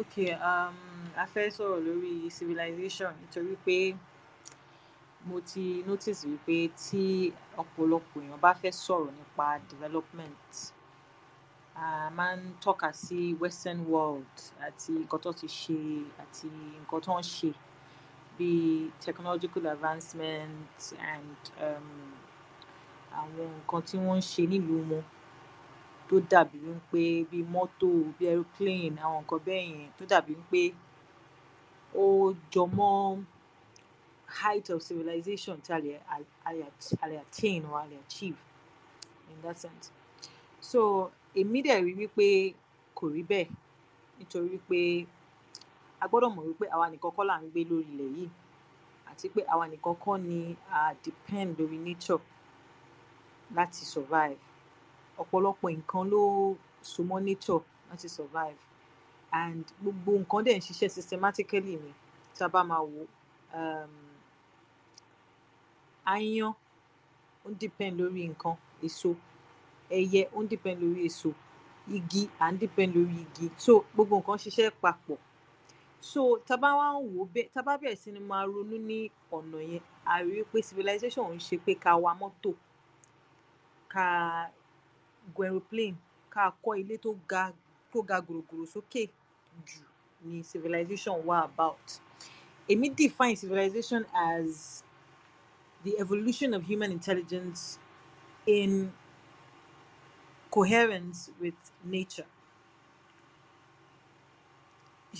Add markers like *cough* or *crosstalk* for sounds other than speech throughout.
okay um a fẹ́ sọ̀rọ̀ lórí civilization nítorí pé mo ti notice wípé tí ọ̀pọ̀lọpọ̀ èèyàn bá fẹ́ sọ̀rọ̀ nípa development a máa ń tọ́ka sí western world àti nǹkan tó ti ṣe àti nǹkan tó ń ṣe bíi technological advancement and um, àwọn nǹkan tí wọ́n ń ṣe nílùú wọn tó dàbí wí pé bí mọ́tò bí aeroplane àwọn nǹkan bẹ́yẹn tó dàbí wí pé ó jọ mọ́ height of civilization tí a lè a lè attain or a lè achieve in that sense. So èmi dẹ̀ rí wípé kò rí bẹ́ẹ̀ nítorí wípé a gbọ́dọ̀ mọ̀ wípé àwa nìkan kọ́ là ń gbé lórí ilẹ̀ yìí àti pé àwa nìkan kọ́ ni à depend lórí nature láti survive ọ̀pọ̀lọpọ̀ nǹkan ló so mọ́ nature láti survive and gbogbo nǹkan dẹ̀ ń ṣiṣẹ́ systematically ni tá a bá máa wò um, aáyán ó ń depend lórí nǹkan èso ẹyẹ ó depend lórí èso igi à ń depend lórí igi so gbogbo nǹkan ṣiṣẹ́ papọ̀ so tá a bá wá ń wò ó bẹ́ẹ̀ tá bẹ̀rẹ̀ sí ni máa ronú ní ọ̀nà yẹn a pé civilization ń ṣe pé ká wa mọ́tò ká gun aeroplane ká kọ́ ilé tó ga tó ga gòrògòrò sókè jù ni civilization wà about èmi define civilization as the evolution of human intelligence in coherence with nature.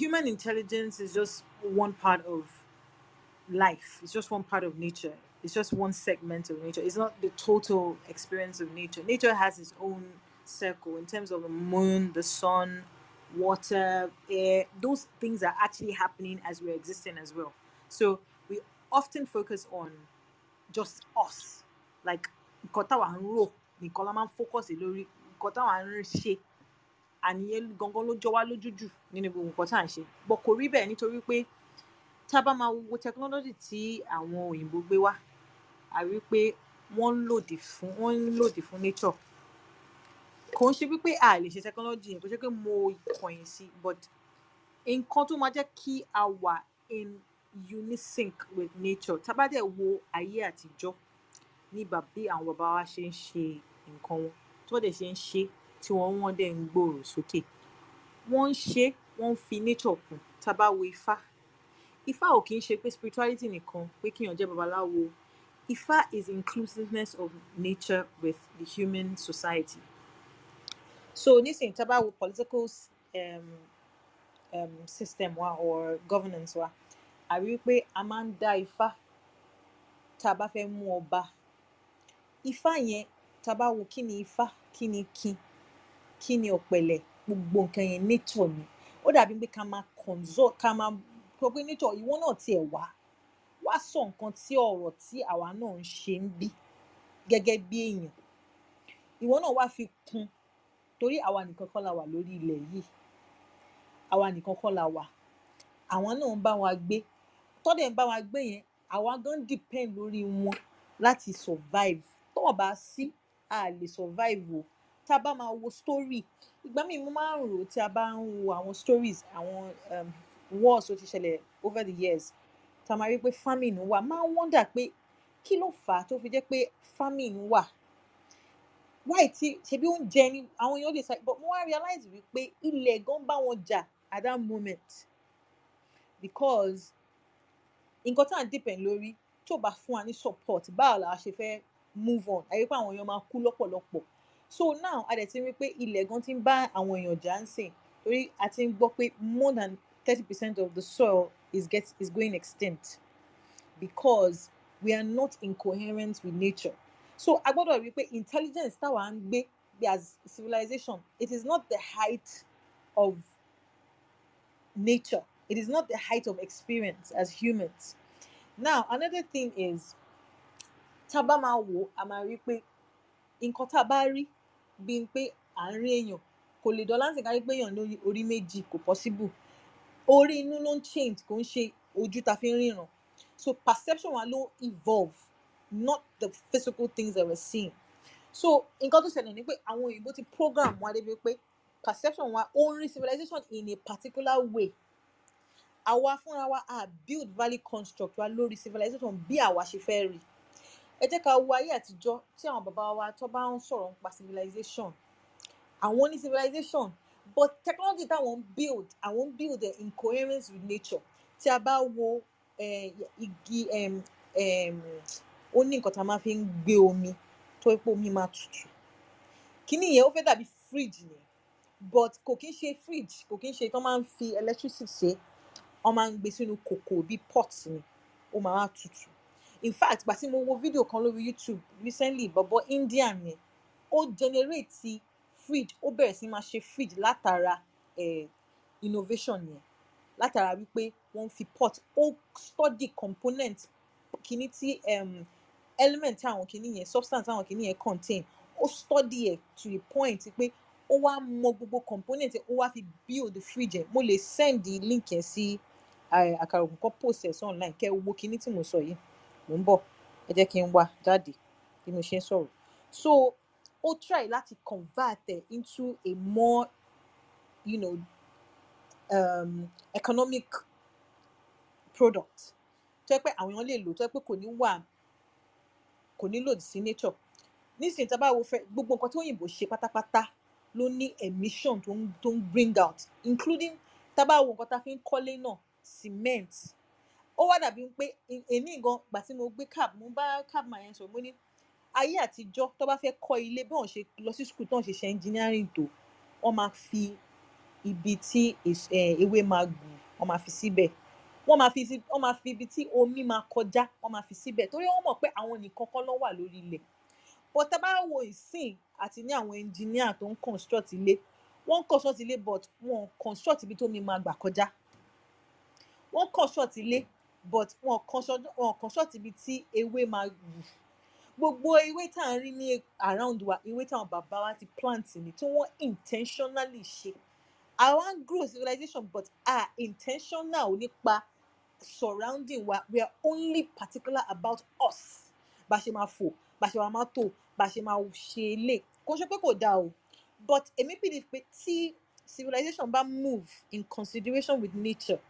Human intelligence is just one part of life. It's just one part of nature it's just one segment of nature. It's not the total experience of nature. Nature has its own circle in terms of the moon, the sun, water, air. Those things are actually happening as we're existing as well. So we often focus on just us. Like Kotawa Nro, Nikolaman focus Ilori, Kotawa Nrishe. àníyé gangan ló jọ wá lójújù nínú gbogbo nǹkan tá à ń ṣe bọ kò rí bẹ́ẹ̀ nítorí pé tá a bá máa wo technology tí àwọn òyìnbó gbé wá a rí pé wọ́n ń lòdì fún wọ́n ń lòdì fún nature kò ń ṣe wípé a lè ṣe technology yẹn kò ṣe pé mo kọ̀yìn sí but nǹkan tó máa jẹ́ kí a wà in unison with nature tá wo ayé àtijọ́ ní bí àwọn bàbá wa ṣe ń ṣe nǹkan wọn tí wọ́n dẹ̀ ṣe ń ṣe tí wọ́n wọ́n dẹ̀ ń gbòòrò sókè wọ́n ń ṣe wọ́n ń fi nature kún tá wo ifá ifá ò kì í ṣe pé spirituality nìkan pé kíyàn jẹ́ babaláwo Ifa is inclusiveness of nature with the human society. So nísìnyí tá a bá wo political um, um, system wa or governance wa, a rí i pé a máa ń dá Ifá tá a bá fẹ́ mú ọba. ifa yẹn tá a bá wo kí ni Ifá, ni kin, kí ni ọ̀pẹ̀lẹ̀, gbogbo nǹkan yẹn nature ni. Ó dàbí pé ká máa consult, ká máa sọ pé nature ìwọ náà tiẹ̀ wá wá sọ nǹkan tí ọ̀rọ̀ tí àwa náà ń ṣe ń bí gẹ́gẹ́ bí èèyàn ìwọ náà wá fi kún torí àwa nìkan kọ́ la wà lórí ilẹ̀ yìí àwa nìkan kọ́ la wà àwọn náà ń bá wa gbé tọ́dẹ̀ ń bá wa gbé yẹn àwa gan depend lórí wọn láti survive tọ́wọ́ bá sí a lè survive o tá a bá máa wo story ìgbà míì mo máa ń rò tí a bá ń wo àwọn stories àwọn um, wars tó ti ṣẹlẹ̀ over the years tá a máa rí pé famine wà máa ń wọ́ndà pé kí ló fà á tó fi jẹ́ pé famine wà wáì tí ṣebí oúnjẹ ni àwọn èèyàn lè sa but mo wá realize wípé ilẹ̀ gan bá wọn jà at that moment because nǹkan tá à ń dìpẹ̀n lórí tó bá fún wa ní support báwo la ṣe fẹ́ move on àyè pé àwọn èèyàn máa kú lọ́pọ̀lọpọ̀ so now a dẹ̀ ti rí pé ilẹ̀ gan ti ń bá àwọn èèyàn jà ń sìn torí a ti ń gbọ́ pé more than thirty percent of the soil is getting is going extinct because we are not in coherence with nature so I got rí i intelligence that one, as civilization it is not the height of nature it is not the height of experience as humans now another thing is tabama wò a in kotabari i pé nǹkan tá a bá lè lórí possible orí inú ló ń change kò ń ṣe ojú ta fi ń ríran so perception wa ló evolve not the physical things that we see. so nǹkan tó ṣẹlẹ̀ ni pé àwọn òyìnbó ti program wa débi pé perception wa only civilization in a particular way àwa fúnra wa a build value construct wa lórí civilization bí àwa ṣe fẹ́ rí ẹ jẹ́ ká wo ayé àtijọ́ tí àwọn bàbá wa tó bá ń sọ̀rọ̀ nípa civilization àwọn ní civilization but technology that ń build I ń build the incoherence with nature tí a bá wo uh, igi um, um, ó ní nǹkan tá a máa fi ń gbé omi tó pé omi máa tutù kíní yẹn ó fẹ́ dàbí fridge ni but kò kí ń ṣe fridge kò kí ń ṣe tó máa ń fi electricity ṣe wọ́n máa ń gbé sínú kòkò bíi pot ni ó máa wá tutù in fact gbà tí mo wo fídíò kan lórí YouTube recently bọ̀bọ̀ Indian yẹn ó generate Fridge, ó bẹ̀rẹ̀ sí máa ṣe freed látara eh, innovation yẹn látara wípé wọ́n fi pot ó study component kìíní tí um, element àwọn kìíní yẹn substance àwọn kìíní yẹn contain ó study ẹ̀ to the point pé ó wá mọ gbogbo component ó wá fi build the fridge ẹ̀ mo lè send the link yẹn sí àkàrà ògùn kan post ẹ̀ sí online kẹ́ ẹ wo kìíní tí mo sọ yìí mò ń bọ̀ ẹ jẹ́ kí n wá jáde bí mo ṣe ń sọ̀rọ̀ so ó try láti convert ẹ̀ into a more you know, um, economic product tó yẹ pé àwọn èèyàn lè lò tó yẹ pé kò ní wà kò ní lòdì sí nature nísìnyí tá a bá wo fẹ gbogbo nǹkan tí òyìnbó ṣe pátápátá ló ní emission tó ń tó ń bring out including tá a bá wo nǹkan tá a fi ń kọ́lé náà cement ó wá dàbí pé èmi gan gbà tí mo gbé cab mo bá cab man yẹn sọ mo ní ayé àtijọ́ tó bá fẹ́ kọ́ ilé bí wọ́n ṣe lọ sí skul tó ń ṣiṣẹ́ engineering tó wọ́n máa fi ibi tí ewé máa gùn wọ́n máa fi síbẹ̀ wọ́n máa fi wọ́n máa fi ibi tí omi máa kọjá wọ́n máa fi síbẹ̀ torí wọ́n mọ̀ pé àwọn nìkan kọ́ ló wà lórí ilẹ̀ but tá a bá wo ìsìn àti ní àwọn engineer tó ń construct ilé wọ́n ń construct ilé but wọ́n construct ibi tómi máa gbà kọjá wọ́n construct ilé but wọ́n construct ibi tí ewé máa wù gbogbo ewé tá à ń rí ní around wa ewé táwọn bàbá wa ti plant ni tí wọ́n intentionally ṣe I ń grow civilization but our intentional nípa surrounding wa we are only particular about us bá ṣe máa fò bá ṣe máa tò bá ṣe máa ṣe lè kó ṣe pé kò dáa o but èmi bìlì pé tí civilization bá move in consideration with nature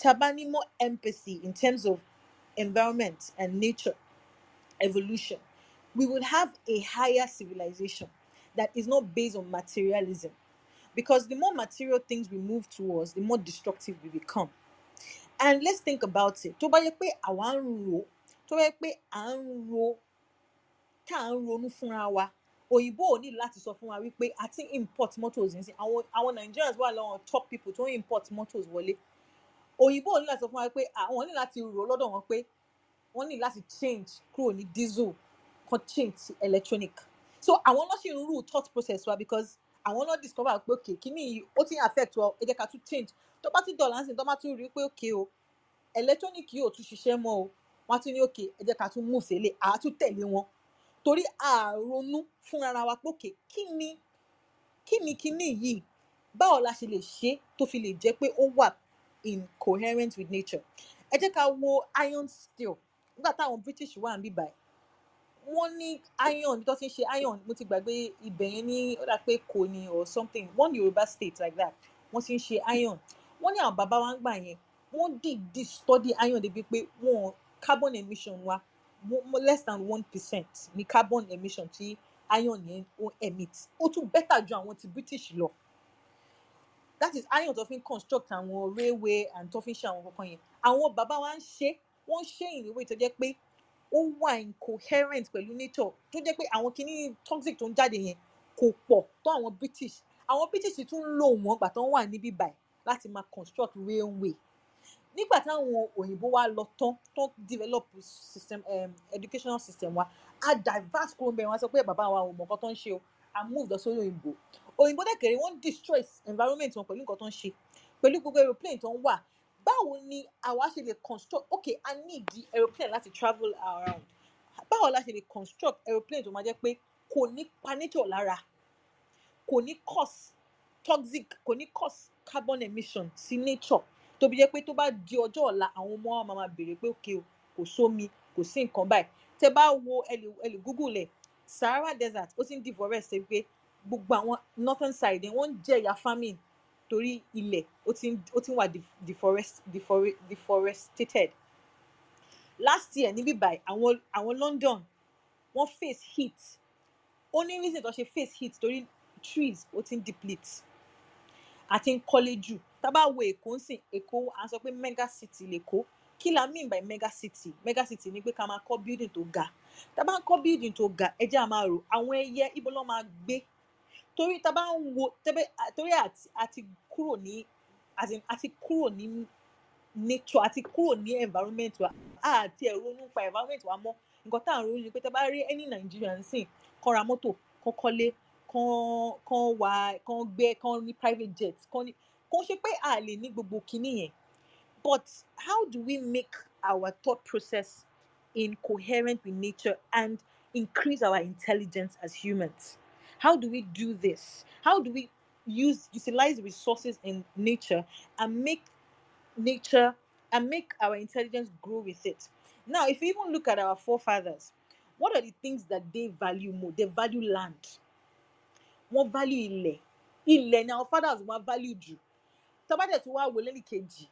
tá bá ní more empathy in terms of environment and nature evolution, we would have a higher civilization that is not based on materialism. Because the more material things we move towards, the more destructive we become. And let's think about it. òyìnbó ò ní láti sọ fún wa wípé a import motors ní àwọn àwọn Nigerians wà lọ́wọ́ top people tó import motors wọlé. Òyìnbó ò ní láti sọ fún wa pé àwọn ní láti rò lọ́dọ̀ wọn pé wọ́n ní láti change kúrò ní diesel kan change sí electronic so àwọn náà ṣì ń rule thought process wa because àwọn náà discover pé okay kíní yìí ó ti ń affect wa ẹ jẹ́ ká tún change tó bá tún dọ̀là ń sìn tó bá tún rí pé okay o electronic yìí ò tún ṣiṣẹ́ mọ́ o wọ́n á tún ní okay ẹ jẹ́ ká tún move sílẹ̀ à á tún tẹ̀lé wọn torí àrònú fúnra wa pé okay kí ni kí ni kíní yìí báwo la ṣe lè ṣe tó fi lè jẹ́ pé ó wà incoherent with nature ẹ jẹ́ ká wo iron steel nígbà táwọn British wà ń bí báyìí wọ́n ní iron tó ti ń ṣe iron mo ti gbàgbé ibẹ̀ yẹn ní ó dà pé kò ní or something one Yorùbá state like that wọ́n ti ń ṣe iron wọ́n ní àwọn bàbá wa ń gbà yẹn wọ́n dìdí study iron débi pé wọ́n carbon emission wa less than one percent ní carbon emission tí iron yẹn ó emit ó tún better ju àwọn ti British lọ that is iron tó fi ń construct àwọn railway and tó fi ń ṣe àwọn kankan yẹn àwọn bàbá wa ń ṣe é wọ́n ṣẹ́yìn níwé tó jẹ́ pé ó wà incoherent pẹ̀lú nature tó jẹ́ pé àwọn kìíní toxic tó ń jáde yẹn kò pọ̀ tó àwọn British àwọn British tún ń lò wọ́n gbà tó ń wà níbí báyìí láti máa construct railway nígbà táwọn òyìnbó wa lọ tán tó develop system um, educational system wa a diverse kúrò ń bẹ wọn sọ pé bàbá wa ò mọ nǹkan tó ń ṣe o a move lọ sórí òyìnbó òyìnbó dẹ̀kẹ̀rẹ̀ wọ́n destroy environment wọn pẹ̀lú nǹkan tó ń ṣe pẹ̀lú gbogbo aeroplane tó ń wà báwo ni àwa ṣe lè construct okay i need the aeroplane láti travel around báwo la ṣe lè construct aeroplane tó máa jẹ́ pé kò ní panator lára kò ní cause toxic kò ní cause carbon emission sí nature tó bí jẹ́ pé tó bá di ọjọ́ ọ̀la àwọn ọmọ wa máa béèrè pé okay kò sómi kò sí nǹkan báyìí tẹ bá wo ẹ lè google ẹ Sahara desert ó ti ń di forest ṣe pé gbogbo àwọn northern side wọ́n ń jẹ̀yà famine torí ilẹ̀ ó ti ó ti wà deforest deforest deforestated last year níbí báyìí àwọn London wọ́n face heat ó ní reason tó ṣe face heat torí trees ó ti ń deplete àti ń kọ́lé jù tábà wo Èkó ń sìn Èkó à ń sọ pé mega city l'Èkó kí la mean by mega city mega city ni pé ká máa kọ́ building tó ga tábà ń kọ́ building tó ga ẹ jẹ́ á máa rò àwọn ẹyẹ ibo ló máa gbé torí tá a bá ń wo torí àti kúrò ní àti kúrò ní nature àti kúrò ní environment wa àti ẹ̀rọ nípa environment wa mọ́ nǹkan tá à ń ronú ni pé tá a bá rí any Nigerian sìn kán ra mọ́tò kán kọ́lé kán wà kán gbé kán ní private jet kán ní kó ṣe pé a lè ní gbogbo kinní yẹn but how do we make our thought process in coherent with nature and increase our intelligence as humans. How do we do this? How do we use utilize resources in nature and make nature and make our intelligence grow with it? Now, if you even look at our forefathers, what are the things that they value more? They value land. More value ilẹ̀. Ilẹ̀ ni our fathers wọ́n value jù. Tọ́bátẹ̀ tó wá wò lẹ́nu kejì,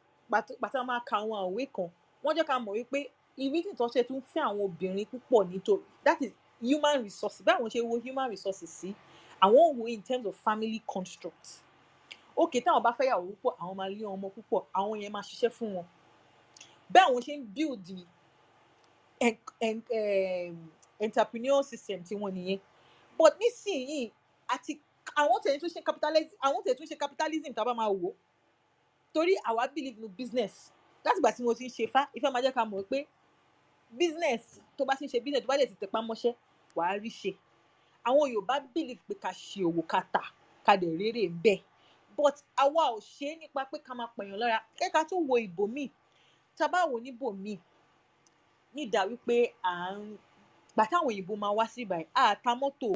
pàtó máa ka àwọn àwé kan. Wọ́n jẹ́ ká mọ̀ wípé ìrísí tó ṣe tún fẹ́ àwọn obìnrin púpọ̀ nítorí that is human resources báwọn ṣe wo human resources sí àwọn ò wo in terms of family construct òkè táwọn bá fẹ́ yàwó púpọ̀ àwọn máa lé ọmọ púpọ̀ àwọn yẹn máa ṣiṣẹ́ fún wọn báwọn ṣe ń build entrepreneur system tí wọ́n nìyẹn but nísìnyí àti àwọn tẹ̀ tún ṣe capitalism àwọn tẹ̀ tún ṣe capitalism tá a bá máa wò torí àwa believe in business láti ìgbà tí mo ti ń ṣe ifá ifá máa jẹ́ ká mọ̀ pé business tó bá ti ń ṣe business tó bá lè ti tẹ̀pá mọ́ṣẹ́ wàá rí ṣe àwọn yorùbá believe pé ká ṣe òwò ká tà ká dẹ̀ rérè ń but àwa ò ṣe é nípa pé ká máa pẹ̀yàn lára kẹ́ka tó wo ìbòmíì tá a bá wò níbòmíì ní ìdá wípé à ń gbà táwọn òyìnbó máa wá síbà yìí àá ta mọ́tò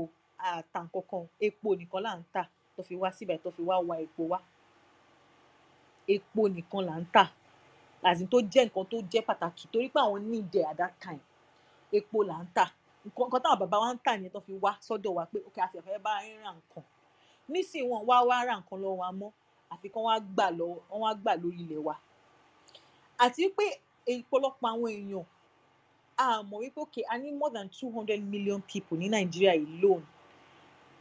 àá ta nǹkankan epo nìkan là ń tà tó fi wá síbà yìí tó fi wá wa epo wá epo nìkan là ń tà àti tó jẹ́ nǹkan tó jẹ́ pàtàkì torí pé àwọn need at that time epo là ń tà nǹkan táwọn bàbá wa ń tà yẹn tó fi wá sọ́dọ̀ wa pé òkè àti bá ń ra nǹkan nísìnyí wọn wá wá ra nǹkan lọ́wọ́ wa mọ́ àfi kán wá wá gbà lórí ilẹ̀ wa àti pé ìpọ̀lọpọ̀ àwọn èèyàn a mọ̀ wípé òkè a ní more than two hundred million people ní Nàìjíríà yìí lónìí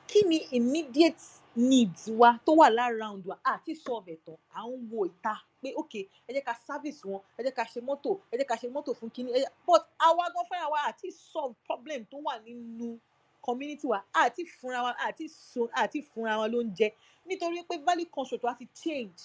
kí ni immediate needs wa tó wà láround wa àti solve ẹ̀tàn à ń wo ìta pé ok ẹ jẹ́ ká service wọn ẹ jẹ́ ká ṣe mọ́tò ẹ jẹ́ ká ṣe mọ́tò fún kínní but àwa gan fúnra wa àti solve problem tó wà nínú community wa àti fúnra wa àti so àti fúnra wa ló ń jẹ nítorí pé value construct wa ti change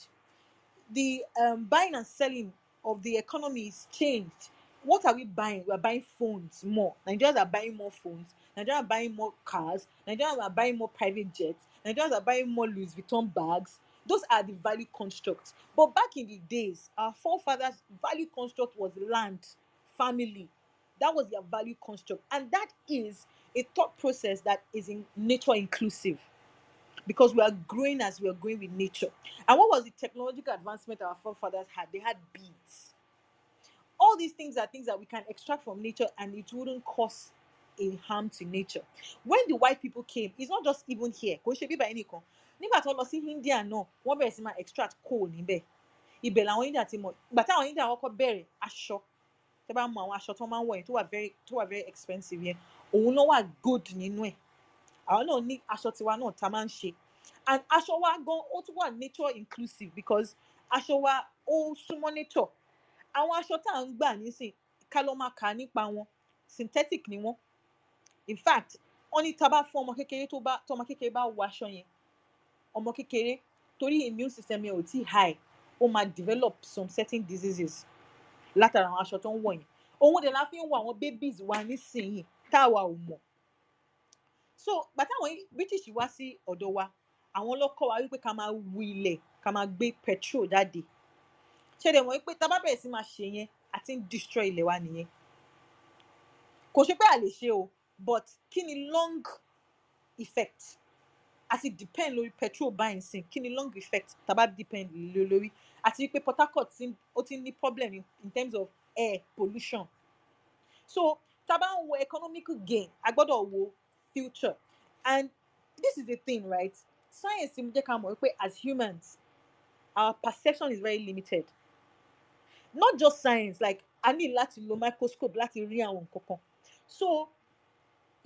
the um, buying and selling of the economy is changed what are we buying? We are buying phones more. Nigerians are buying more phones. Nigerians are buying more cars. Nigerians are buying more private jets. Nigerians are buying more Louis Vuitton bags. Those are the value constructs. But back in the days, our forefathers' value construct was land, family. That was their value construct. And that is a thought process that is in nature inclusive because we are growing as we are growing with nature. And what was the technological advancement our forefathers had? They had beads. All these things are things that we can extract from nature and it wouldn't cost a harm to nature when the white people came it's not just even here kò ṣe bíbá ẹnìkan nígbà tó lọ sí India náà wọ́n bẹ̀rẹ̀ sí máa extract coal níbẹ̀ ibẹ̀ làwọn India ti mọ̀ ìgbà táwọn India kọ́kọ́ bẹ̀rẹ̀ aṣọ tẹ́ bá mọ àwọn aṣọ tó máa ń wọ̀ yẹn tó wà very tó wà very expensive yẹn òun náà wà good nínú ẹ̀ àwọn náà ní aṣọ tiwa náà tá máa ń ṣe and aṣọ wa gan ó tún wà nature inclusive because aṣọ wa ó súnmọ́ nature àwọn aṣọ tá à ń gbà nísìn ká lọ máa kà nípa wọn synthetic ni wọ́n in fact wọ́n ní tá a bá fún ọmọ kékeré tó bá tọmọ kékeré bá wọ aṣọ yẹn ọmọ kékeré torí immune system yẹn ò tí high ó máa develop some certain diseases látara àwọn aṣọ tó ń wọ̀ yẹn òun dẹ̀ la fi ń wọ àwọn babies wa nísìnyìí táwa ò mọ̀ so bàtà àwọn british wá sí ọ̀dọ̀ wa àwọn ọlọ́kọ̀ wa wípé ká máa wu ilẹ̀ ká máa gbé petrol jáde ṣe dẹ̀ mọ̀ wípé tá a bá bẹ̀rẹ̀ sí máa ṣe yẹn àti ń destroy ilẹ̀ wa nìyẹn kò ṣe pé a lè ṣe o but kí ni long effect àti depend lórí petrol buying sin kí ni long effect tàbá depend lé lórí àti wípé Port Harcourt ó ti ní problem in, in terms of air pollution so tàbá ń wo economic gain a gbọ́dọ̀ wo future and this is the thing right science ti jẹ́ ká mọ̀ wípé as humans our perception is very limited not just science like a ní láti lo microscope láti rí àwọn nǹkan kan so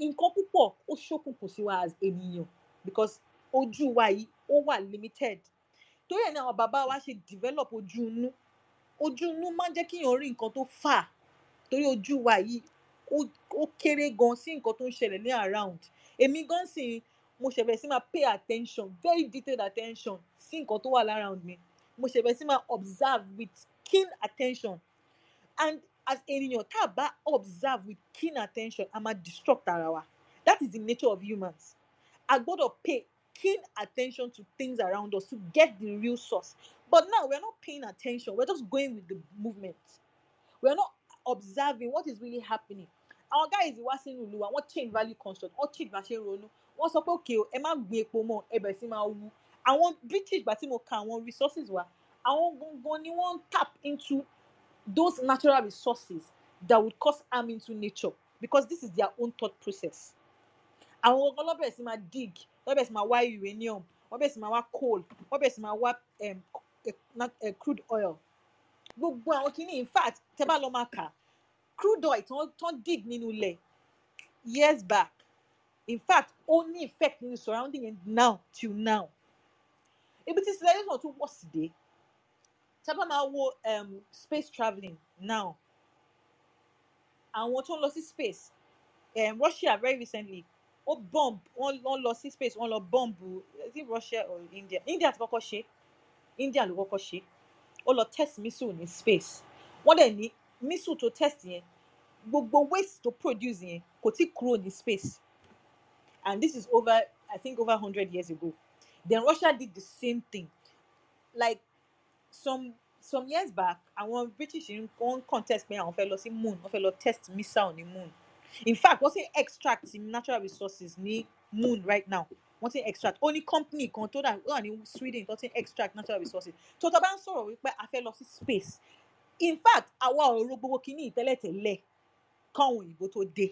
nǹkan púpọ̀ ó ṣókùnkùn sí wa as ènìyàn because ojú wa yìí ó wà limited torí ẹ̀ ní àwọn bàbá wa ṣe develop ojú inú ojú inú máa ń jẹ́ kíyàn rí nǹkan tó fà torí ojú wa yìí ó kéré gan sí nǹkan tó ń ṣẹlẹ̀ ní around èmi gan sì mo ṣẹ̀bẹ̀ sí máa pay attention very detailed attention sí nǹkan tó wà around mi mo ṣẹ̀bẹ̀ sí máa observe with keen attention and as ènìyàn tá a bá observe with keen attention a máa destruct ara wa that is the nature of humans a gbọ́dọ̀ pay keen attention to things around us to get the real source but now we are not paying attention we are just going with the movement we are not observing what is really happening Our guy is sínú ìlú wa wọ́n change value construct wọ́n change bá ṣe ronú wọ́n sọ pé òkè o ẹ má gbin epo mọ́ ẹ sí máa wú àwọn british gbà tí mo ka àwọn resources wa àwọn gbogbo ni wọ́n tap into those natural resources that would cause harm into nature because this is their own thought process. àwọn ọgbọ́n lọ́bẹ̀ sì máa dig lọ́bẹ̀ sì máa wá uranium lọ́bẹ̀ sì máa wá coal lọ́bẹ̀ sì máa wá eh, crude oil gbogbo àwọn kìíní in fact tẹ́ bá máa kà crude oil tán tán dig nínú ilẹ̀ years back in fact ó ní effect nínú surrounding now till now ibi tí civilization tún wọ̀ sí dé tábà wo um, space travelling now and tó ń lọ sí space um, Russia very recently ó bomb wọ́n lọ sí space wọ́n lọ bomb is it Russia or India India ti kọ́kọ́ ṣe India ló kọ́kọ́ ṣe ó lọ test missile ní space wọ́n dẹ̀ ní missile tó test yẹn gbogbo waste tó produce yẹn kò tí kúrò ní space and this is over I think over hundred years ago then Russia did the same thing like some some years back àwọn british wọ́n contest pé àwọn fẹ́ lọ sí moon wọ́n fẹ́ lọ test missile ní moon in fact wọ́n ti extract natural resources ní moon right now wọ́n ti extract ó ní company kan tó wà ní sweden tó ti extract natural resources tó tó bá ń sọ̀rọ̀ wípé a fẹ́ lọ sí space in fact àwa ọ̀rọ̀ gbogbo kìíní tẹ́lẹ̀tẹ́lẹ̀ káwọn òyìnbó tó dé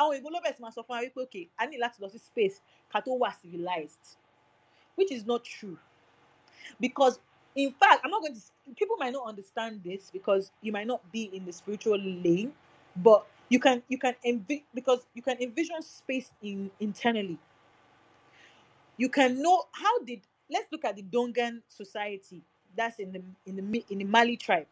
àwọn òyìnbó ló bẹ̀rẹ̀ sí máa sọ fún wa wípé okay a need láti lọ sí space ká tó wà civilized which is not true because in fact, I'm not going to. People might not understand this because you might not be in the spiritual lane, but you can you can envi- because you can envision space in internally. You can know how did. Let's look at the Dongan society that's in the in the in the Mali tribe.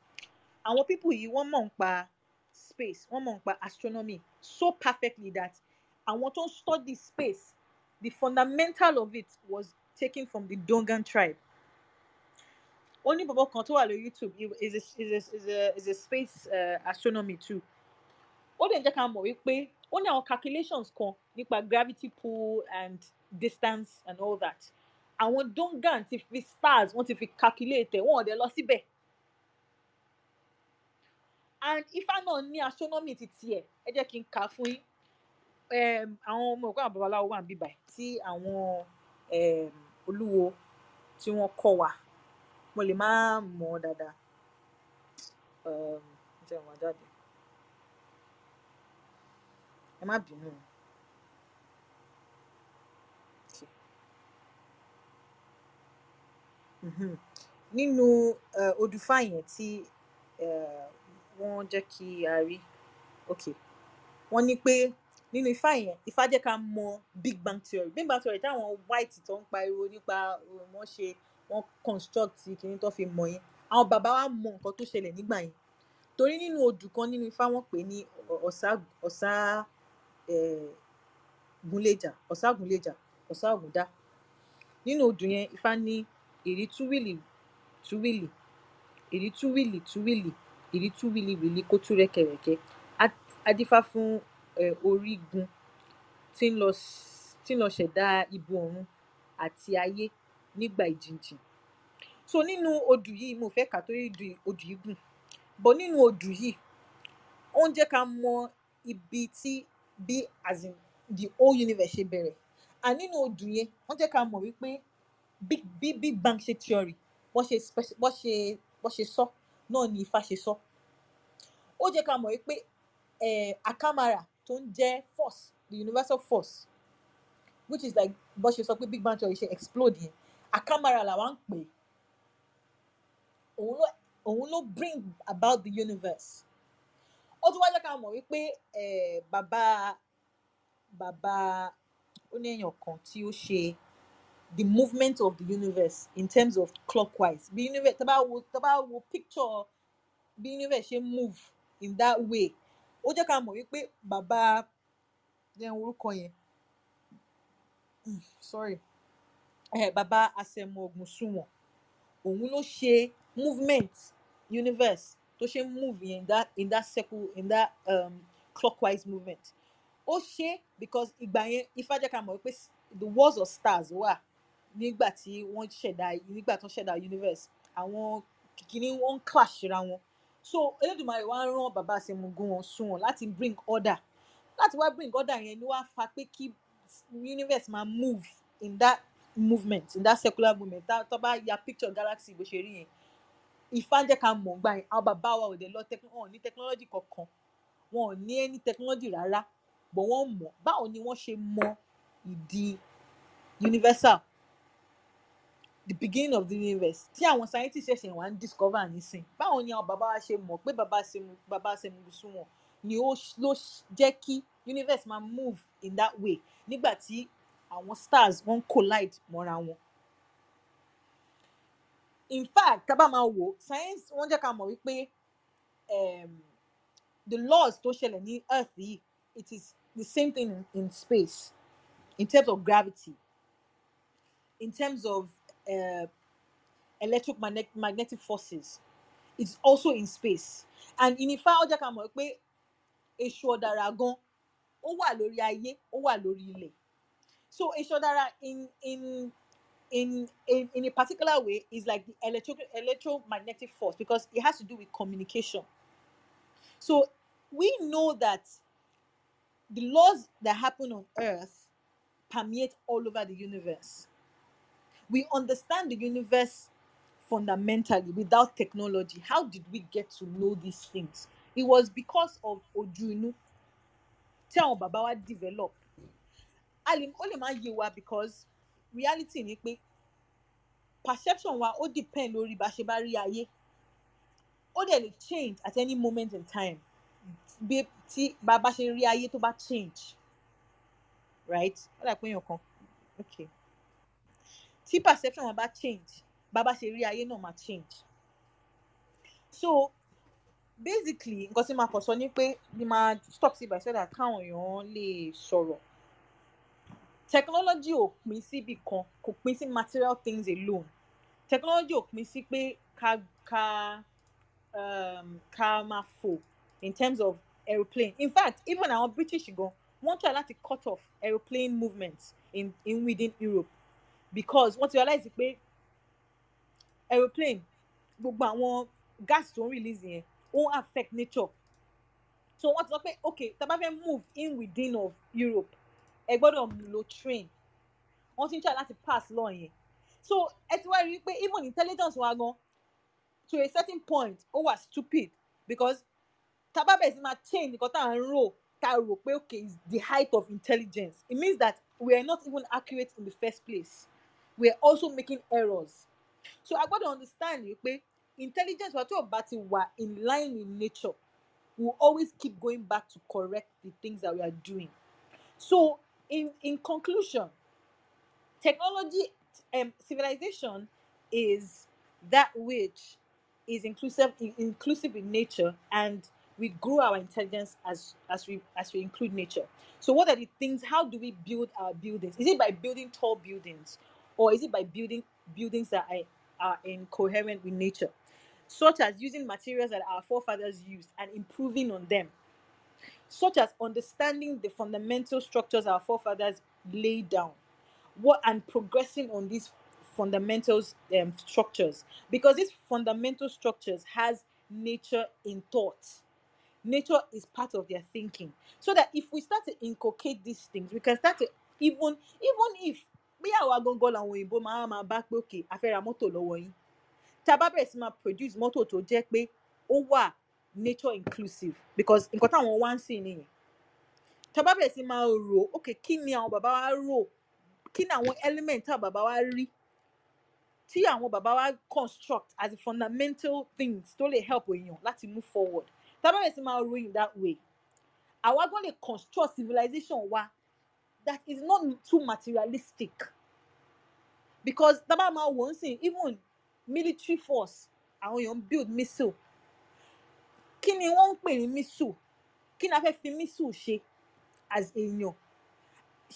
and what people you want by space, one by astronomy so perfectly that I want to study space. The fundamental of it was taken from the Dongan tribe. ó ní bọ̀bọ̀ kan tó wà lórí YouTube is a is a is a is a space uh, astronomy too ó dẹ̀ jẹ́ ká mọ̀ wípé ó ní àwọn calculations kan nípa gravity pull and distance and all that àwọn Dongan ti fi stars wọ́n ti fi calculate wọn ò dẹ̀ lọ síbẹ̀ and ifá náà ní astronomy ti tiẹ̀ ẹ jẹ́ kí n kà á fún yín um, àwọn ọmọ òkú àbọ̀bọ̀láwo wà ń bíbà tí àwọn um, olúwo tí wọ́n kọ́ wa mo lè má mọ̀ ọ́ dáadáa ehm, jẹ́ wọn jáde ẹ má bínú o. Mm-hmm. nínú eh, odùfà yẹn tí eh, wọ́n jẹ́ kí a rí ok wọ́n ní pé nínú ifá yẹn ifá jẹ́ ká mọ big bang theory big bang theory táwọn white tó ń pariwo nípa wọ́n ṣe wọ́n construct kìíní tó fi mọ̀ yẹn àwọn bàbá wa mọ nǹkan tó ṣẹlẹ̀ nígbà yẹn torí nínú odù kan nínú ifá wọn pè ní ọ̀sá ọ̀sá gúnlẹ̀jà ọ̀sá gúnlẹ̀jà ọ̀sá ògùndá nínú odù yẹn ifá ní ìrí túwìlì túwìlì ìrí túwìlì túwìlì ìrí túwìlì wìlì kó tú rẹ́kẹ̀rẹ́kẹ́ adífá fún orígun tí ń lọ ṣẹ̀dá ibo ọ̀run àti ayé nígbà ìjìnjìn so nínú odù yìí mo fẹ́ kà torí odù yìí gùn but nínú odù yìí ó ń jẹ́ ká mọ ibi tí bí as in the whole universe ṣe bẹ̀rẹ̀ and nínú odù yẹn wọ́n jẹ́ ká mọ̀ wípé bí bí big bang ṣe theory bó ṣe bó ṣe bó ṣe sọ náà ni Ifá ṣe sọ ó jẹ́ ká mọ̀ wípé àkàmàrà tó ń jẹ́ force the universal force which is like bó ṣe sọ pé big bang theory ṣe explode yẹn àkàmàrà làwọn ń pè òun ló òun ló bring about the universe ó tún wá jẹ́ ká mọ̀ wípé eh, bàbá bàbá ó kan tí ó ṣe the movement of the universe in terms of clockwise bí universe tábà wo tábà wo picture bí universe ṣe move in that way ó jẹ́ ká mọ̀ wípé bàbá jẹ́ orúkọ yẹn hmm, sorry eh, baba Assemo Ogunsunwon òun ló ṣe movement universe tó ṣe move in that in that circle in that um, clockwise movement ó ṣe because ìgbà yẹn Ifá jẹ́ ká mọ̀ pé the wars of stars wà nígbà tí wọ́n ṣẹ̀dá nígbà tó ṣẹ̀dá universe àwọn kìkìní wọ́n ń clash ra wọn so Elédùmarè wa ń rán baba Assemo Ogunsunwon láti bring order láti wá bring order yẹn ni wá fa pé kí universe máa move in that movement in that circular movement tá tó bá ya picture galaxy bó ṣe rí yẹn Ifá jẹ́ ká mọ̀ gbà yẹn àwọn bàbá wa ò dẹ̀ lọ wọn ò ní technology kankan wọn ò ní any technology rárá bọ̀ wọ́n mọ̀ báwo ni wọ́n ṣe mọ ìdí universal the beginning of the universe tí àwọn scientists ṣẹ̀ṣẹ̀ wá ń discover nísìn báwo ni àwọn bàbá wa ṣe mọ̀ pé bàbá sẹ́mu bàbá sẹ́mu sún wọn ni ó ló jẹ́ kí universe máa move in that way nígbà tí àwọn stars wọ́n collide mọ́ra wọn in fact tábà máa wò science wọ́n jẹ́ ká mọ̀ wípé um, the laws tó ṣẹlẹ̀ ní earth yìí it is the same thing in, in space in terms of gravity in terms of uh, electric magnetic forces it's also in space and in ifa ó jẹ́ ká mọ̀ wípé èṣù ọ̀dàrà gan ó wà lórí ayé ó wà lórí ilẹ̀ so Ishadara uh, in in in, in in a particular way is like the electro electromagnetic force because it has to do with communication. So we know that the laws that happen on earth permeate all over the universe. We understand the universe fundamentally without technology. How did we get to know these things? It was because of Ojuinu. Tell Babawa developed ó lè má yé wa because reality ni pé perception wa ó depend lórí bá ṣe bá rí ayé ó dẹ̀ lè change at any moment in time bí tí bàbá ṣe rí ayé tó bá change right ó dà pé èèyàn kan okay tí perception wa bá change bàbá ṣe rí ayé náà máa change so basically nǹkan tí màá kàn sọ ni pé ni màá stop sí ibà so káwọn èèyàn lè sọ̀rọ̀ technology ò pín síbì kan kò pín sí material things alone technology ò pín sí pé ká ká um, ká máa fò in terms of aeroplane in fact even àwọn british gan wọ́n try láti cut off aeroplane movement in in within europe because wọ́n ti realize pé aeroplane gbogbo àwọn gas tó ń release yẹn ó affect nature so wọ́n ti sọ pé okay tá a bá fẹ́ move in within of europe ẹ gbọ́dọ̀ lo train wọ́n ti ń try láti pass law yẹn so ẹ ti wá rí i pé even intelligence wa gan to a certain point ó wà stupid because tababẹ̀ sì máa change nǹkan tá à ń rò tá a rò pé okay is the height of intelligence it means that we are not even accurate in the first place we are also making errors so a gbọ́dọ̀ understand yìí pé intelligence wa tí ò bá ti wà in line with nature we we'll always keep going back to correct the things that we are doing so in in conclusion, technology um, civilization is that which is inclusive in, inclusive in nature and we grow our intelligence as as we as we include nature so what are the things how do we build our buildings is it by building tall buildings or is it by building buildings that are, are coherent with nature such as using materials that our forefathers used and improving on them such as understanding the fundamental structures our forefathers laid down what and progressing on these fundamentals um, structures because these fundamental structures has nature in thought nature is part of their thinking so that if we start to inculcate these things we can start to even even if we are gangan làwọn òyìnbó máa máa bá pé back. Okay, mọ́tò lọ́wọ́ yín tá a produce mọ́tò tó Jack pé ó nature inclusive because nǹkan táwọn wá ń sìn nìyẹn tọ́ba bẹ̀rẹ̀ sí máa rò ok kí ni àwọn bàbá wa rò kí ni àwọn element tá bàbá wa rí tí àwọn bàbá wa construct as the fundamental things tó lè help èèyàn láti move forward tọ́ba bẹ̀rẹ̀ sí máa rò in that way àwa gan lè construct civilization wa that is not too materialistic because tábà máa wò ó sìn even military force àwọn èèyàn build missile kí ni wọ́n ń pè ní mísù kí ni a fẹ́ fi mísù ṣe as èèyàn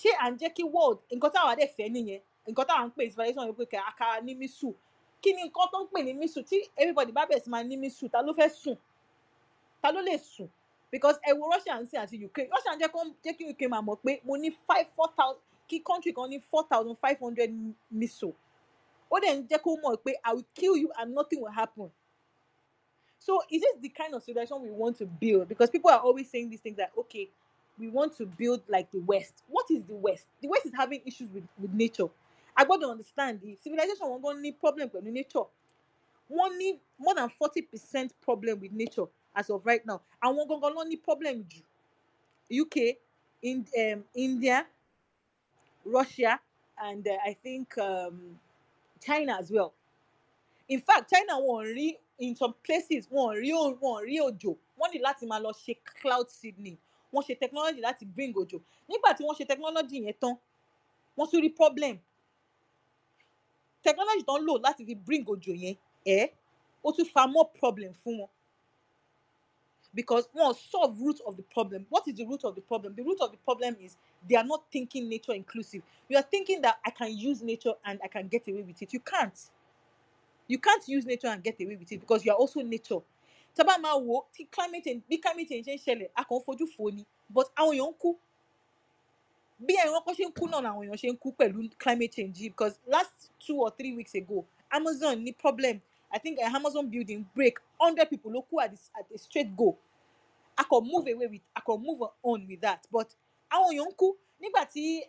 ṣé à ń jẹ́ kí world nǹkan táwọn àdé fẹ́ nìyẹn nǹkan táwọn ń pè ní civilization yẹn pé kàkà ní mísù kí ni nǹkan tó ń pè ní mísù tí everybody bá bẹ̀rẹ̀ sí máa ní mísù ta ló fẹ́ sùn ta ló lè sùn because ẹ wo Russia ń sìn àti Ukraine Russia ń jẹ́ kó jẹ́ kí Ukraine máa mọ̀ pé mo ní five four thousand kí country kan ní four thousand five hundred missile ó dẹ̀ ń jẹ́ kó mọ̀ pé I will kill you and nothing will happen So is this the kind of civilization we want to build? Because people are always saying these things like, okay, we want to build like the West. What is the West? The West is having issues with, with nature. I got to understand the civilization won't go problem with nature. One need more than 40% problem with nature as of right now. And one going only problem with you. UK, in um, India, Russia, and uh, I think um, China as well. In fact, China won't really in some places wọn rí wọn rí òjò wọn ní láti máa lọ ṣe cloud seeding wọn ṣe technology láti bring òjò nígbà tí wọn ṣe technology yẹn tán wọn tún rí problem technology tán lò láti fi bring òjò yẹn ẹ ó tún fa more problem fún wọn because wọn solve root of the problem what is the root of the problem the root of the problem is they are not thinking nature inclusive you are thinking that i can use nature and i can get away with it you can't you can't use nature and get away with it because you are also nature Taba ma wo, ó climate change bí climate change ṣe ń ṣẹlẹ̀ a kàn ń fojú fò ni but àwọn èèyàn ń kú bí ẹran kan ṣe ń kú náà làwọn èèyàn ṣe ń kú pẹ̀lú climate change because last two or three weeks ago Amazon ní problem I think uh, Amazon building break hundred people ló kú at, this, at a straight go I can move away with I can move on with that but àwọn èèyàn ń kú nígbà tí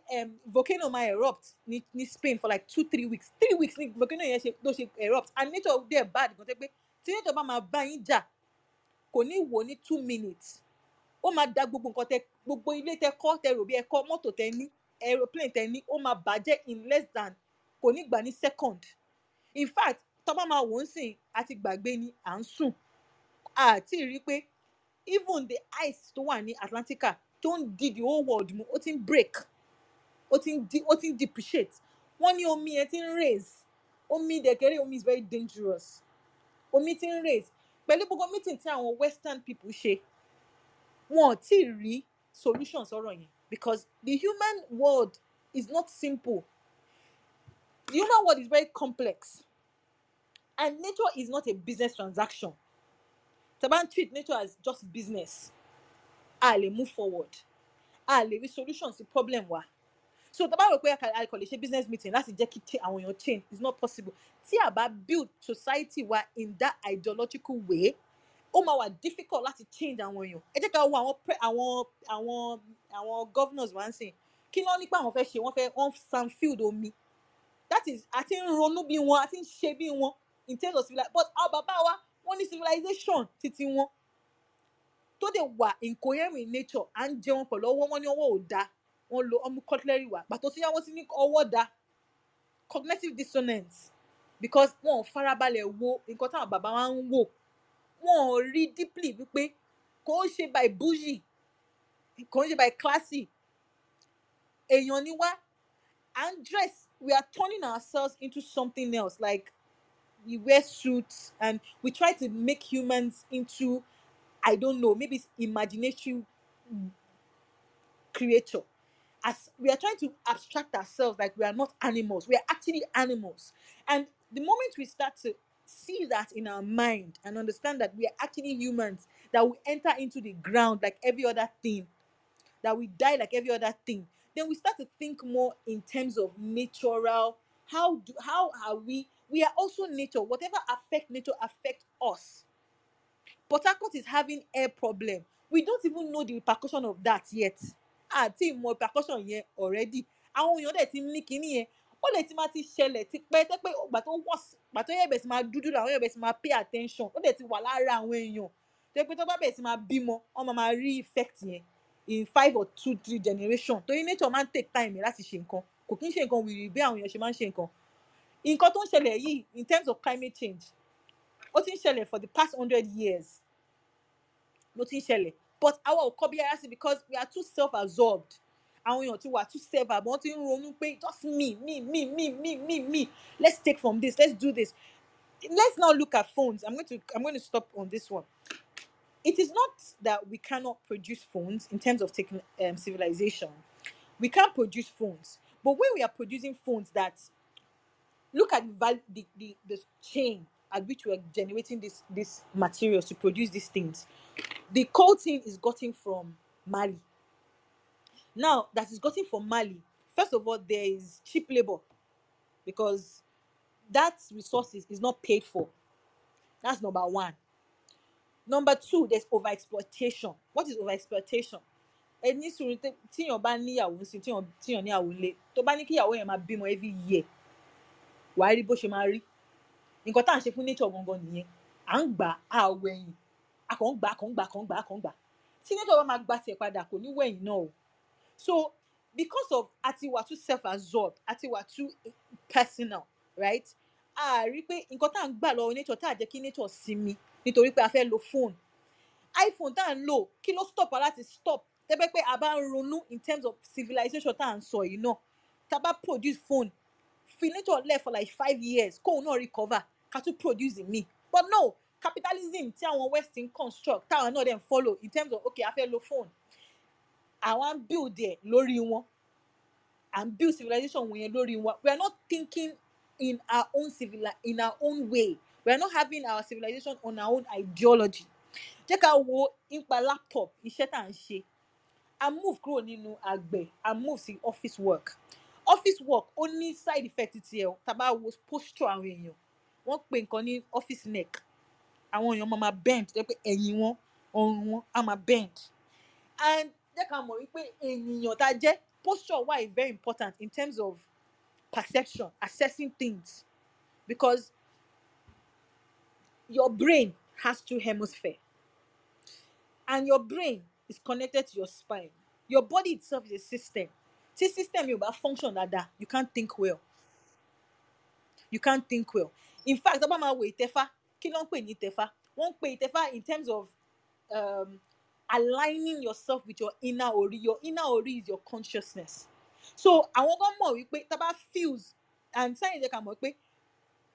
volcano máa erupt ní ní Spain for like two three weeks three weeks ni volcano yẹn ṣe ló ṣe erupt and nature there bad gan tẹ́ pé tí nature bá máa bá yín jà kò ní wò ní two minutes ó máa da gbogbo nǹkan tẹ gbogbo ilé tẹ kọ́ tẹ rò bí ẹ kọ́ mọ́tò tẹ ní aeroplane tẹ ní ó máa bàjẹ́ in less than kò ní gbà ní second in fact tọ́ba máa wò ó sìn àti gbàgbé ni à ń sùn àti rí i pé even the ice tó wà ní Atlantica tó ń di the whole world mu ó ti ń break ó ti ń di ó ti ń depreciate wọ́n ní omi yẹn ti ń raise omi dẹ̀kẹ́rẹ́ omi is very dangerous omi ti ń raise pẹ̀lú gbogbo meeting tí àwọn western people ṣe wọn ò tí ì rí solution sọ̀rọ̀ yẹn because the human world is not simple the human world is very complex and nature is not a business transaction taban treat nature as just business a lè move forward a lè rí solution sí problem wa so tá a bá rò pé a kò lè ṣe business meeting láti jẹ́ kí àwọn èèyàn change it's not possible tí a bá build society wa in that ideological way ó máa wà difficult láti change àwọn èèyàn ẹ jẹ́ ká wo àwọn àwọn àwọn àwọn governors wa ń sìn kí ló ní pé àwọn fẹ́ ṣe wọ́n fẹ́ wọ́n sanfield omi that is àti ń ronú bí wọn àti ń ṣe bí wọn in terms of civilization but our Baba wa wọ́n ní civilization Titi wọn tó dẹ̀ wà incoherent in nature à ń jẹun pẹ̀lú ọwọ́ wọn ní ọwọ́ ò da wọn lo ọmú cutlery wa pàtó tí wọn ti ní ọwọ́ da cognitive dissonance because wọn ò farabalẹ̀ wo nǹkan táwọn bàbá wa ń wò wọn ò rí deeply wípé kò ń ṣe by bougie kò ń ṣe by classy èèyàn ni wá and dress we are turning ourselves into something else like we wear suits and we try to make humans into I don't know. Maybe it's imagination creator. As we are trying to abstract ourselves like we are not animals, we are actually animals. And the moment we start to see that in our mind and understand that we are actually humans, that we enter into the ground like every other thing, that we die like every other thing, then we start to think more in terms of natural. How do how are we? We are also nature. Whatever affect nature affect us. Port Harcourt is having air problem we don't even know the repercussion of that yet Ah, àti ìmọ̀ repercussion yẹn already àwọn èèyàn dẹ̀ ti ní kinní yẹn ó lè ti máa ti ṣẹlẹ̀ ti pẹ́ tẹ́ pé ìgbà tó wọ̀ ìgbà tó yẹ bẹ̀ sí máa dúdú àwọn èèyàn bẹ̀ sí máa pay attention ó dẹ̀ ti wà lára àwọn èèyàn tẹ́ pé tó bá bẹ̀ sí máa bímọ wọ́n máa máa rí effect yẹn in five or two three generation torí nature máa ń take time láti ṣe nǹkan kò kí ń ṣe nǹkan wìrì bí àwọn èèyàn ṣe máa ń ṣe nǹkan nǹkan tó ń ṣẹlẹ̀ yìí in terms of climate change ó ti ń ṣẹlẹ̀ for the past hundred years ló ti but I will kọ́ bí because we are too self-absorbed àwọn èèyàn ti wà too self-absorbed just me me me me me me me let's take from this let's do this let's now look at phones i'm going to i'm going to stop on this one it is not that we cannot produce phones in terms of taking um, civilization we can produce phones but when we are producing phones that look at the the, the, chain at which we are generating this this materials to produce these things The coal thing is gotten from Mali. Now, that is gotten from Mali, first of all, there is cheap labor because that resources is not paid for. That's number one. Number two, there's overexploitation. What is overexploitation? ẹni sùúrù tíyàn bá níyàwó ń sin tíyàn níyàwó lé tó bá ní kíyàwó yẹn máa bímọ every year wàá rí bó ṣe máa rí nǹkan tá à ń ṣe fún nature gangan nìyẹn à ń gbà á wẹ̀yìn àkàngbà àkàngbà àkàngbà àkàngbà senator wa máa gba tiẹ̀ padà kò ní wẹ̀yìn náà o so because of àti wà too self-absorbed àti wà too personal right a rí pé nǹkan tá à ń gbà lọ́wọ́ nature tá à jẹ́ kí nature sinmi nítorí pé a fẹ́ lo phone iphone tá à ń lò kí ló stop wa stop tẹ́gbẹ́ pé a bá ń ronú in terms of civilization tá à ń sọ yìí náà tá a bá produce phone fi nature lẹ̀ for like five years kóun náà recover ká tún produce mi but no capitalism tí àwọn Western construct táwọn náà dẹ̀ ń follow in terms of okay a fẹ́ lo phone I à build ẹ̀ lórí wọn à ń build civilization wọn yẹn lórí wọn we are not thinking in our own civil in our own way we are not having our civilization on our own ideology jẹ́ ká wo nípa laptop iṣẹ́ tá à ń ṣe a move kúrò nínú àgbẹ̀ I move sí office work office work ó ní side effect tiẹ̀ tá a bá wo posture àwọn èèyàn wọ́n pè nǹkan ní office neck àwọn èèyàn máa máa bend jẹ́ pé ẹ̀yìn wọn ọrùn wọn á máa bend and jẹ́ ká mọ̀ wípé ènìyàn tá a jẹ́ posture wa is very important in terms of perception assessing things because your brain has two hemisphere, and your brain is connected to your spine your body itself is a system tí system yóò bá function dáadáa you can't think well you can't think well in fact ọba máa wo ìtẹ́fà kí ló ń pè ní ìtẹ̀fá wọ́n ń pè ìtẹ̀fá in terms of um, aligning yourself with your inner ori your inner ori is your consciousness so àwọn kan mọ̀ wípé tábà feels and science kan mọ̀ pé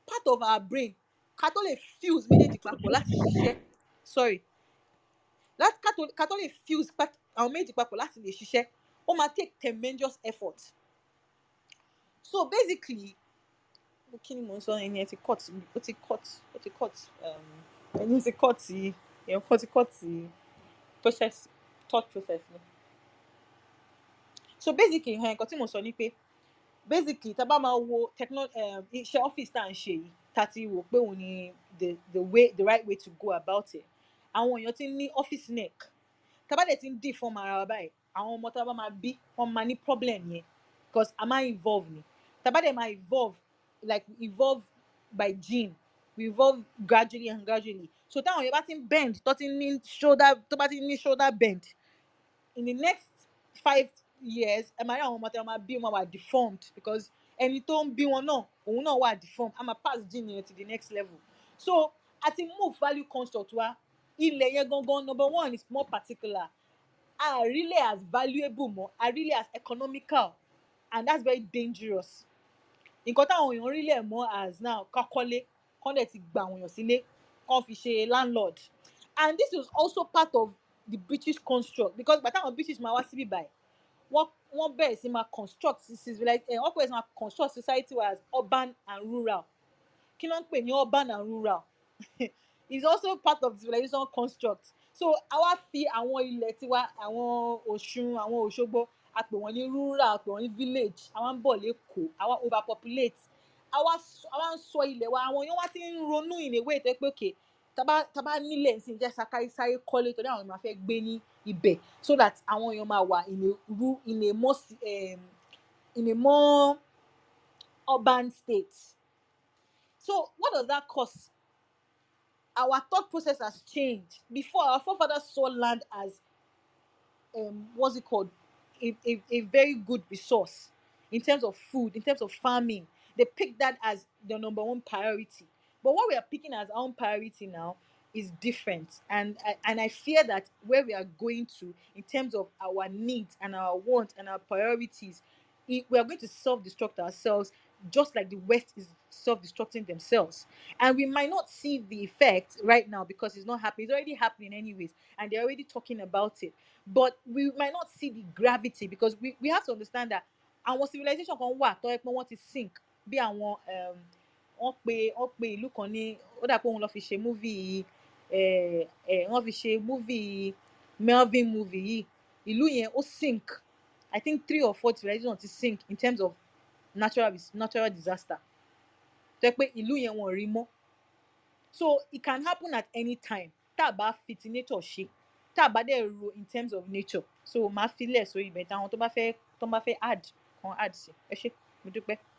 part of our brain ká tó lè feels méjèèjì papọ̀ láti ṣiṣẹ́ sorry láti ká tó lè feels àwọn méjèèjì papọ̀ láti lè ṣiṣẹ́ ó máa take tremendous effort so basically pé kí ni mò ń sọ ẹni ẹ ti cut ó ti cut ó ti cut um, ẹni ti cut èèyàn kan ti cut process thought process ni. so basically nǹkan tí mo sọ ni pé basically tá a bá máa wo um, iṣẹ́ ọ́fíìsì tá à ń ṣe yìí tá a ti wò pé òun ni the the way the right way to go about it àwọn èèyàn ti ń ní ọ́fíìsì neck tá a bá dẹ̀ ti ń dì fún ọmọ ara wa báyìí àwọn ọmọ tá a bá máa bí wọ́n máa ní problem yẹn because a máa involve ni tá a bá dẹ̀ máa involve like evolve by gene we evolve gradually and gradually so táwọn yẹn bá ti ń bend tó ti shoulder tó bá ti shoulder bend in the next five years ẹ máa rí àwọn ọmọ tí wọn máa deformed because ẹni tó ń bí wọn náà òun náà wà deformed a máa pass gene yẹn to the next level so a move value construct wa ilẹ̀ yẹn gangan number one is more particular are really as valuable more. are really as economical and that's very dangerous nǹkan táwọn èèyàn rí lẹ̀ mọ́ as now kọ́kọ́lé kán dẹ̀ ti gba àwọn èèyàn sílé kán fi ṣe landlord and this is also part of the British construct because by the time British máa wá síbí báyìí wọ́n wọ́n bẹ̀rẹ̀ sí máa construct eh, wọ́n bẹ̀rẹ̀ sí máa construct society as urban and rural kí ló ń pè ní urban and rural is *laughs* also part of the civilization construct so àwa fi àwọn ilẹ̀ tiwa àwọn Ọ̀ṣun àwọn Òṣogbo a pè wọ́n ní rural a pè wọ́n ní village àwa ń bọ̀ lẹ́kọ̀ọ́ àwa overpopulate àwa àwa ń sọ ilẹ̀ wa àwọn èèyàn wa ti ń ronú ìnáwó ètò pé òkè tábà nílẹ̀ ń sìn jẹ́ sáré kọ́lé torí àwọn èèyàn fẹ́ gbé ní ibẹ̀ so that àwọn èèyàn máa wà ìnèrú ìnèmọ́ ìnèmọ́ urban state so what does that cause our thought process has changed before our forefathers saw land as um, what's it called a, a, very good resource in terms of food, in terms of farming. They pick that as the number one priority. But what we are picking as our own priority now is different. And I, and I fear that where we are going to, in terms of our needs and our wants and our priorities, we are going to self destruct ourselves just like the West is self-destructing themselves. And we might not see the effect right now because it's not happening. It's already happening anyways, and they're already talking about it. But we might not see the gravity because we, we have to understand that our civilization can work, tó yẹ pé wọ́n sink Be àwọn um, wọ́n pe wọ́n pe ìlú kan ní ó dà pé òun lọ fi ṣe movie yìí eh, eh, wọ́n fi ṣe movie Melvin movie yìí ìlú yẹn ó sink I think three or four civilizations ti sink in terms of natural natural disaster tó jẹ́ pé ìlú yẹn wọn rí mọ́ so it can happen at any time tá a bá fi ti nature ṣe tá a bá dẹ̀ ro in terms of nature so màá filẹ̀ sórí ibẹ̀ táwọn tó bá fẹ́ tó bá fẹ́ add kan add sí ẹ ṣé mo dúpẹ́.